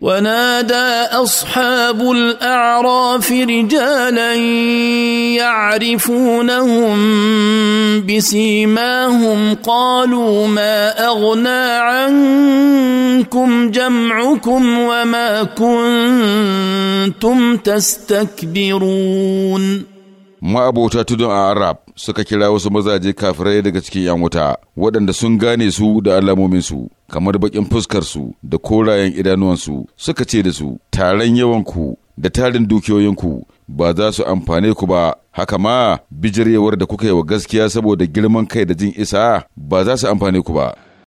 ونادى اصحاب الاعراف رجالا يعرفونهم بسيماهم قالوا ما اغنى عنكم جمعكم وما كنتم تستكبرون ma'abota tudun a arab suka kira wasu mazaje kafirai daga cikin 'yan wuta waɗanda sun gane su da alamominsu kamar baƙin fuskarsu da korayen idanuwansu suka ce da su taron yawanku da tarin dukiyoyinku ba za su amfane ku ba haka ma bijirewar da kuka yi wa gaskiya saboda girman kai da jin isa ba za su amfane ku ba